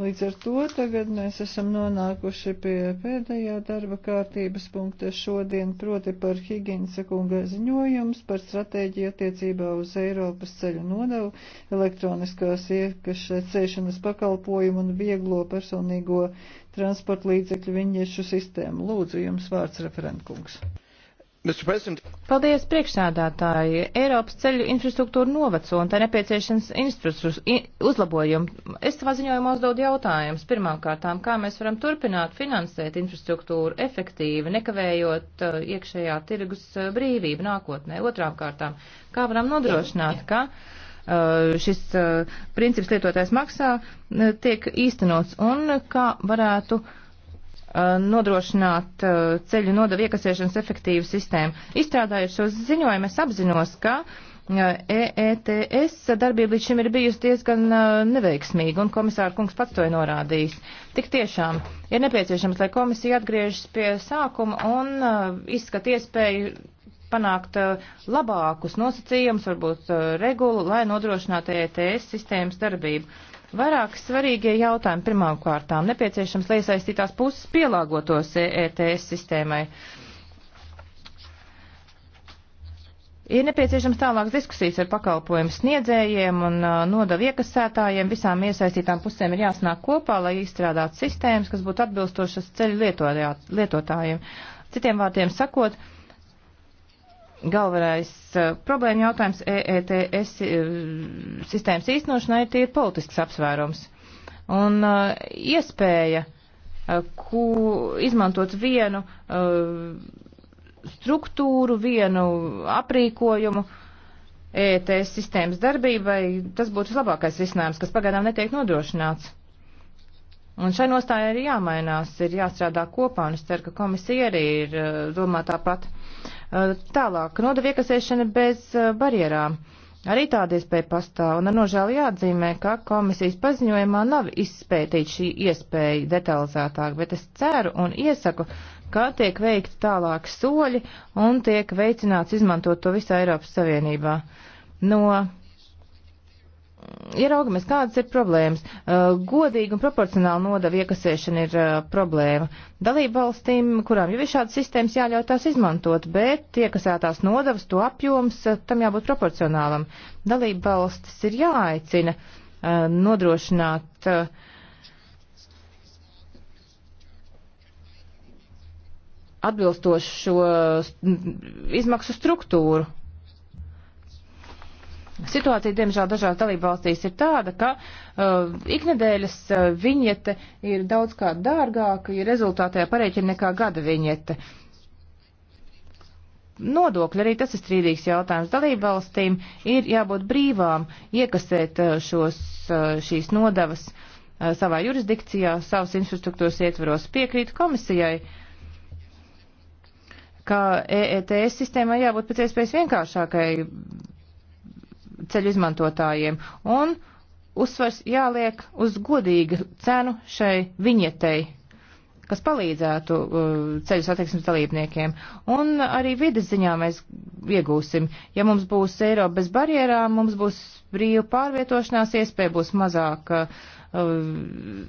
Līdz ar to tagad mēs esam nonākuši pie pēdējā darba kārtības punkta šodien, proti par Higinsa kunga ziņojums par stratēģiju attiecībā uz Eiropas ceļu nodevu, elektroniskās iekašēšanas pakalpojumu un vieglo personīgo transporta līdzekļu viņiešu sistēmu. Lūdzu, jums vārds referentkungs. Paldies, priekšsēdētāji. Eiropas ceļu infrastruktūra noveco un tā nepieciešams uzlabojumi. Es savā ziņojumā uzdodu jautājumus. Pirmkārtām, kā mēs varam turpināt finansēt infrastruktūru efektīvi, nekavējot uh, iekšējā tirgus uh, brīvību nākotnē. Otrām kārtām, kā varam nodrošināt, ka. Uh, šis uh, princips lietotājs maksā uh, tiek īstenots un uh, kā varētu uh, Uh, nodrošināt uh, ceļu nodevu iekasēšanas efektīvu sistēmu. Izstrādājot šo ziņojumu, es apzinos, ka uh, EETS darbība līdz šim ir bijusi diezgan neveiksmīga, un komisāra kungs pats to ir norādījis. Tik tiešām ir nepieciešams, lai komisija atgriežas pie sākuma un izskat iespēju panākt labākus nosacījumus, varbūt regulu, lai nodrošinātu ETS e sistēmas darbību. Vairāk svarīgie jautājumi pirmām kārtām - nepieciešams, lai iesaistītās puses pielāgotos ETS e sistēmai. Ir nepieciešams tālāks diskusijas ar pakalpojumu sniedzējiem un uh, nodavu iekasētājiem. Visām iesaistītām pusēm ir jāsanāk kopā, lai izstrādātu sistēmas, kas būtu atbilstošas ceļu lietotājiem. Citiem vārdiem sakot, uh, galvenais uh, problēma jautājums EETS uh, sistēmas īstenošanai ir politisks apsvērums. Un uh, iespēja, ko izmantot vienu struktūru, vienu aprīkojumu ETS e sistēmas darbībai, tas būtu vislabākais risinājums, kas pagaidām netiek nodrošināts. Un šai nostāja arī jāmainās, ir jāstrādā kopā, un es ceru, ka komisija arī ir domā tāpat. Eh, tālāk, nodevu iekasēšana bez eh, barjerām. Arī tāda iespēja pastāv, un ar nožēlu jāatzīmē, ka komisijas paziņojumā nav izspētīta šī iespēja detalizētāk, bet es ceru un iesaku, ka tiek veikti tālāki soļi un tiek veicināts izmantot to visā Eiropas Savienībā. No ja raugamies, kādas ir problēmas, godīga un proporcionāla nodeva iekasēšana ir problēma. Dalība valstīm, kurām jau ir šādas sistēmas, jāļauj tās izmantot, bet iekasētās nodevas, to apjoms, tam jābūt proporcionālam. Dalība valstis ir jāaicina nodrošināt atbilstošo izmaksu struktūru Situācija, diemžēl, dažās dalībvalstīs ir tāda, ka uh, iknedēļas uh, viņiete ir daudz kā dārgāka, ja rezultātā pareiķina nekā gada viņiete. Nodokļi arī tas ir strīdīgs jautājums. Dalībvalstīm ir jābūt brīvām iekasēt uh, šos, uh, šīs nodavas uh, savā jurisdikcijā, savas infrastruktūras ietvaros. Piekrītu komisijai, ka EETS sistēmai jābūt pēc iespējas vienkāršākai ceļu izmantotājiem. Un uzsvars jāliek uz godīgu cenu šai viņetei, kas palīdzētu uh, ceļu satiksmes dalībniekiem. Un arī vides ziņā mēs iegūsim. Ja mums būs Eiropa bez barjerām, mums būs brīva pārvietošanās, iespēja būs mazāk uh,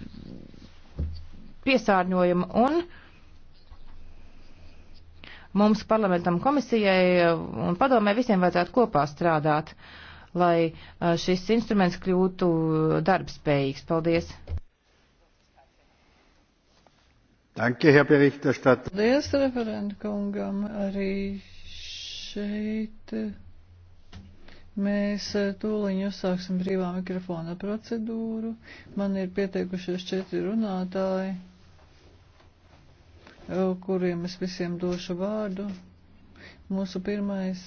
piesārņojuma un mums parlamentam komisijai un padomē visiem vajadzētu kopā strādāt. Uh, lai uh, šis instruments kļūtu darbspējīgs. Paldies! Danke, Herr Berichterstatter. Paldies referentkungam arī šeit. Mēs tūliņ uzsāksim brīvā mikrofona procedūru. Man ir pieteikušies četri runātāji, kuriem es visiem došu vārdu. Mūsu pirmais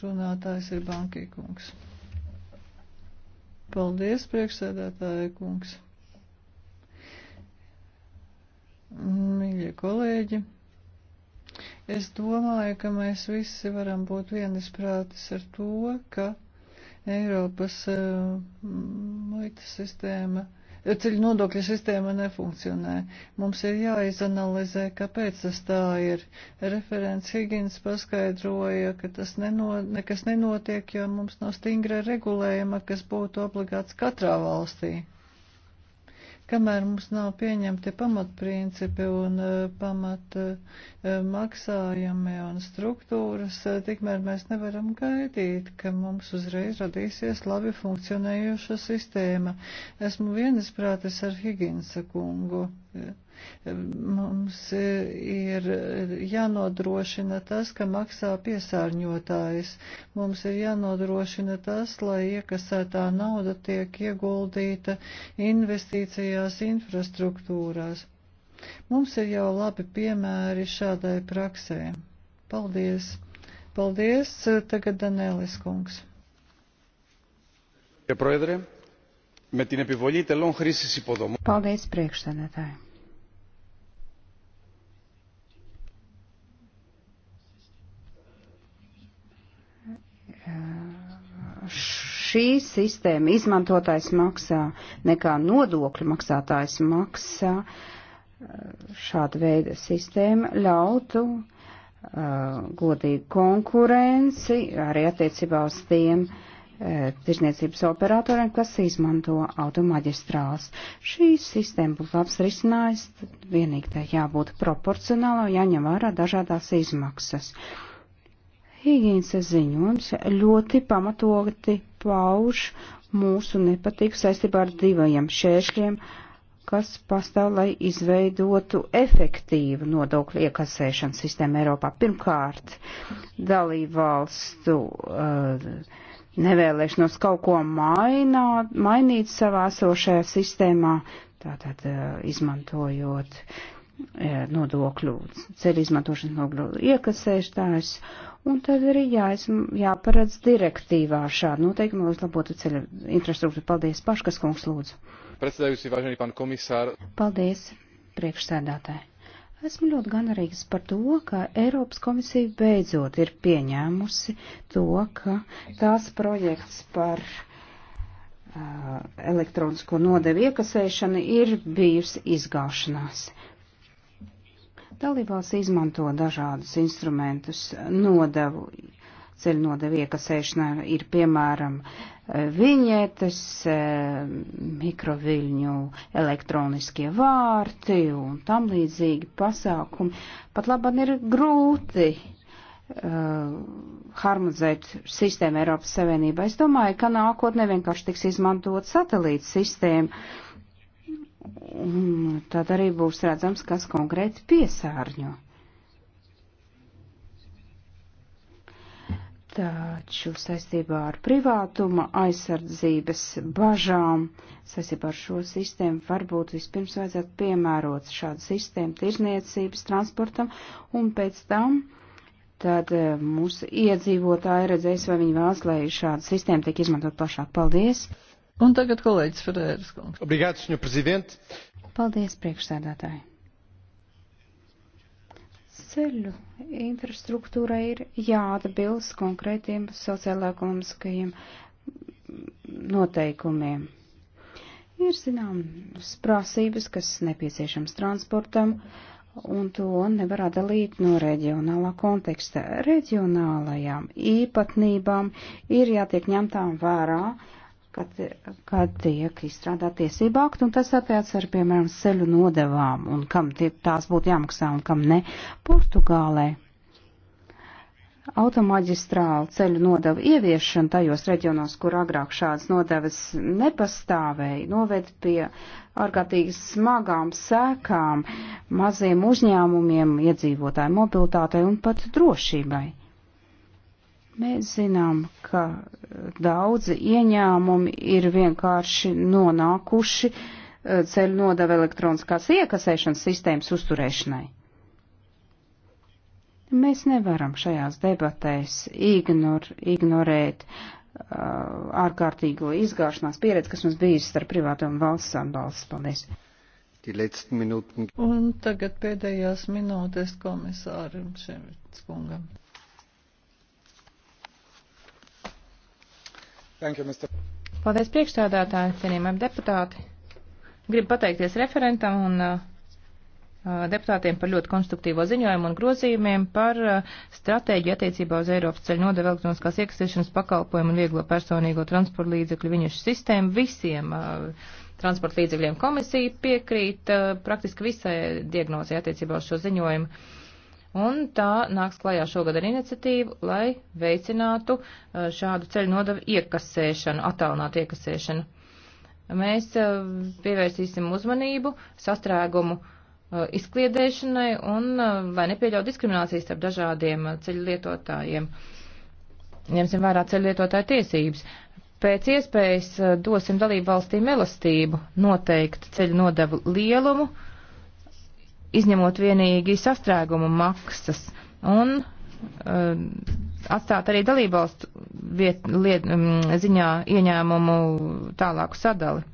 Runātājs ir Bankī kungs. Paldies, priekšsēdētāja kungs. Mīļie kolēģi, es domāju, ka mēs visi varam būt vienisprātis ar to, ka Eiropas uh, muitas sistēma uh, ceļu nodokļu sistēma nefunkcionē. Mums ir jāizanalizē, kāpēc tas tā ir. Referents Higgins paskaidroja, ka tas neno, nekas nenotiek, jo mums nav stingra regulējuma, kas būtu obligāts katrā valstī. Kamēr mums nav pieņemti pamatprincipi un eh, pamat eh, maksājumi un struktūras, eh, tikmēr mēs nevaram gaidīt, ka mums uzreiz radīsies labi funkcionējoša sistēma. Esmu vienisprātis ar Higinsa kungu. Mums ir jānodrošina tas, ka maksā piesārņotājs. Mums ir jānodrošina tas, lai iekasētā nauda tiek ieguldīta investīcijās infrastruktūrās. Mums ir jau labi piemēri šādai praksē. Paldies! Paldies! Tagad Danēlis kungs. Paldies, priekšsēdētāji! šī sistēma izmantotājs maksā, nekā nodokļu maksātājs maksā. Eh, šāda veida sistēma ļautu uh, godīgu konkurenci arī attiecībā uz tiem uh, tirzniecības operatoriem, kas izmanto automaģistrāls. Šī sistēma būtu labs risinājums, vienīgi tā jābūt proporcionāla, jāņem vērā dažādās izmaksas. Uh, Higīnses ziņojums ļoti pamatoti pauž mūsu nepatīku saistībā ar divajiem šēršļiem, kas pastāv, lai izveidotu efektīvu nodokļu iekasēšanas sistēmu Eiropā. Pirmkārt, dalību valstu uh, nevēlēšanos kaut ko mainā, mainīt savā sošajā sistēmā, tātad uh, izmantojot E, nodokļu ceļu izmantošanas nodokļu iekasēšanās, un tad arī jāiz, jāparedz direktīvā šādu noteikumu, lai uzlabotu ceļu infrastruktūru. Paldies, Paškas kungs, lūdzu. Precedējusi, važanī, pan komisāru. Paldies, priekšsēdātāji. Esmu ļoti ganarīgs par to, ka Eiropas komisija beidzot ir pieņēmusi to, ka tās projekts par elektronisko nodevu iekasēšana ir bijusi izgāšanās. Dalībās izmanto dažādus instrumentus nodevu, ceļu nodevu iekasēšanā ir piemēram viņetes, eh, mikroviļņu elektroniskie vārti un tam līdzīgi pasākumi. Pat labam ir grūti uh, harmonizēt sistēmu Eiropas Savienībā. Es domāju, ka nākotnē vienkārši tiks izmantot satelīta sistēma tad arī būs redzams, kas konkrēti piesārņo. Taču saistībā ar privātuma aizsardzības bažām, saistībā ar šo sistēmu, varbūt vispirms vajadzētu piemērot šādu sistēmu tirzniecības transportam, un pēc tam tad eh, mūsu iedzīvotāji redzēs, vai viņi vēlas, lai šāda sistēma tiek izmantot plašāk. Paldies! Un tagad kolēģis Ferēras kungs. Obrigāts, senjor prezident. Paldies, priekšsēdētāji. Ceļu infrastruktūra ir jāatbilst konkrētiem sociālākumiskajiem noteikumiem. Ir, zinām, prasības, kas nepieciešams transportam, un to nevar atdalīt no reģionālā konteksta. Reģionālajām īpatnībām ir jātiek ņemtām vērā kad, kad tiek izstrādā tiesība aktu, un tas attiec ar, piemēram, ceļu nodevām, un kam tie, tās būtu jāmaksā un kam ne. Portugālē automaģistrāla ceļu nodeva ieviešana tajos reģionos, kur agrāk šādas nodevas nepastāvēja, noved pie ārkārtīgi smagām sēkām maziem uzņēmumiem, iedzīvotāju mobilitātei un pat drošībai. Mēs zinām, ka eh, daudzi ieņēmumi ir vienkārši nonākuši eh, ceļu nodeva elektroniskās iekasēšanas sistēmas uzturēšanai. Mēs nevaram šajās debatēs ignor, ignorēt uh, ārkārtīgo izgāšanās pieredzi, kas mums bijusi starp privātu un valsts atbalsts. Paldies! Un tagad pēdējās minūtes komisāram Ševits kungam. Thank you, Mr. Paldies priekšstādātāji, cienījumiem deputāti. Gribu pateikties referentam un uh, uh, deputātiem par ļoti konstruktīvo ziņojumu un grozījumiem par uh, stratēģiju attiecībā uz Eiropas ceļu nodevu elektroniskās iekasēšanas pakalpojumu un vieglo personīgo transporta līdzekļu viņušu sistēmu visiem. Uh, transporta līdzekļiem komisija piekrīt uh, praktiski visai diagnozē attiecībā uz šo ziņojumu un tā nāks klajā šogad ar iniciatīvu, lai veicinātu uh, šādu ceļu nodevu iekasēšanu, attālinātu iekasēšanu. Mēs uh, pievērsīsim uzmanību sastrēgumu uh, izkliedēšanai un lai nepieļautu diskriminācijas starp dažādiem ceļu lietotājiem. Ņemsim vērā ceļu lietotāju tiesības. Pēc iespējas dosim dalību valstīm elastību noteikt ceļu nodevu lielumu, uh, izņemot vienīgi sastrēgumu maksas un uh, atstāt arī dalībvalstu viet, liet, um, ziņā ieņēmumu tālāku sadali.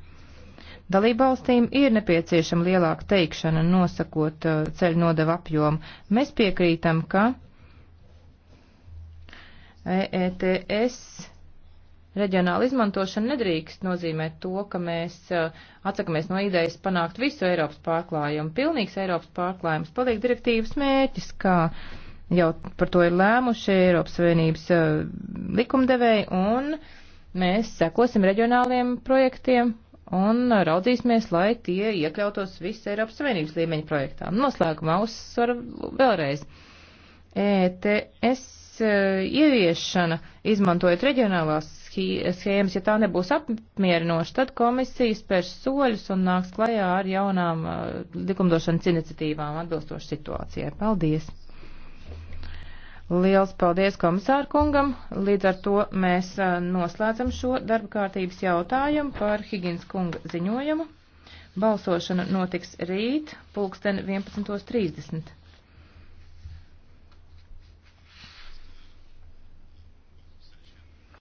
Dalībvalstīm ir nepieciešama lielāka teikšana nosakot uh, ceļu nodevu apjomu. Mēs piekrītam, ka EETS Reģionāla izmantošana nedrīkst nozīmēt to, ka mēs eh, atsakamies no idejas panākt visu Eiropas pārklājumu. Pilnīgs Eiropas pārklājums paliek direktīvas mērķis, kā jau par to ir lēmuši Eiropas Savienības eh, likumdevēji, un mēs sekosim reģionāliem projektiem un raudzīsimies, lai tie iekļautos visas Eiropas Savienības līmeņa projektā. Noslēgumā uzsver vēlreiz. ETS eh, ieviešana, izmantojot reģionālās schēmas, ja tā nebūs apmierinoša, tad komisija spērs soļus un nāks klajā ar jaunām uh, likumdošanas iniciatīvām atbilstoši situācijai. Paldies! Liels paldies komisāru kungam. Līdz ar to mēs uh, noslēdzam šo darba kārtības jautājumu par Higins kunga ziņojumu. Balsošana notiks rīt, pulksten 11.30.